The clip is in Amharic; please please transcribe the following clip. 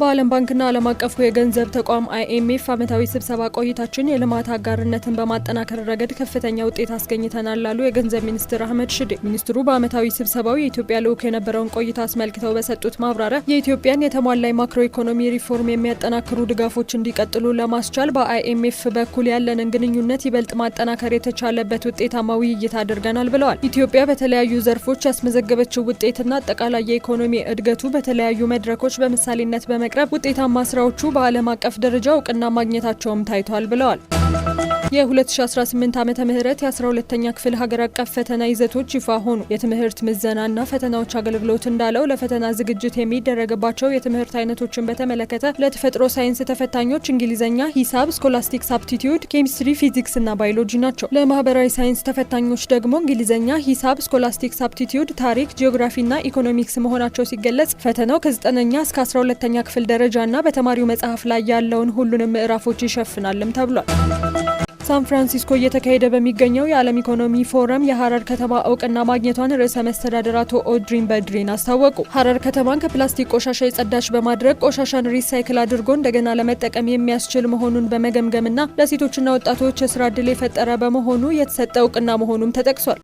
በዓለም ባንክና ዓለም አቀፉ የገንዘብ ተቋም አይኤምኤፍ ዓመታዊ ስብሰባ ቆይታችን የልማት አጋርነትን በማጠናከር ረገድ ከፍተኛ ውጤት አስገኝተናል ላሉ የገንዘብ ሚኒስትር አህመድ ሽዴ። ሚኒስትሩ በዓመታዊ ስብሰባው የኢትዮጵያ ልዑክ የነበረውን ቆይታ አስመልክተው በሰጡት ማብራሪያ የኢትዮጵያን የተሟላ የማክሮ ኢኮኖሚ ሪፎርም የሚያጠናክሩ ድጋፎች እንዲቀጥሉ ለማስቻል በአይኤምኤፍ በኩል ያለንን ግንኙነት ይበልጥ ማጠናከር የተቻለበት ውጤታማ ውይይት አድርገናል ብለዋል። ኢትዮጵያ በተለያዩ ዘርፎች ያስመዘገበችው ውጤትና አጠቃላይ የኢኮኖሚ እድገቱ በተለያዩ መድረኮች በምሳሌነት በመ በመቅረብ ውጤታማ ስራዎቹ በዓለም አቀፍ ደረጃ እውቅና ማግኘታቸውም ታይቷል ብለዋል። የ2018 ዓመተ ምህረት የ12ኛ ክፍል ሀገር አቀፍ ፈተና ይዘቶች ይፋ ሆኑ። የትምህርት ምዘናና ፈተናዎች አገልግሎት እንዳለው ለፈተና ዝግጅት የሚደረግባቸው የትምህርት አይነቶችን በተመለከተ ለተፈጥሮ ሳይንስ ተፈታኞች እንግሊዝኛ፣ ሂሳብ፣ ስኮላስቲክስ አፕቲቲዩድ፣ ኬሚስትሪ፣ ፊዚክስ እና ባዮሎጂ ናቸው። ለማህበራዊ ሳይንስ ተፈታኞች ደግሞ እንግሊዝኛ፣ ሂሳብ፣ ስኮላስቲክስ አፕቲቲዩድ፣ ታሪክ፣ ጂኦግራፊና ኢኮኖሚክስ መሆናቸው ሲገለጽ ፈተናው ከ9ኛ እስከ 12ኛ ክፍል ደረጃና በተማሪው መጽሐፍ ላይ ያለውን ሁሉንም ምዕራፎች ይሸፍናልም ተብሏል። ሳን ፍራንሲስኮ እየተካሄደ በሚገኘው የዓለም ኢኮኖሚ ፎረም የሀረር ከተማ እውቅና ማግኘቷን ርዕሰ መስተዳደር አቶ ኦድሪን በድሪን አስታወቁ። ሀረር ከተማን ከፕላስቲክ ቆሻሻ የጸዳች በማድረግ ቆሻሻን ሪሳይክል አድርጎ እንደገና ለመጠቀም የሚያስችል መሆኑን በመገምገምና ለሴቶችና ወጣቶች የስራ እድል የፈጠረ በመሆኑ የተሰጠ እውቅና መሆኑም ተጠቅሷል።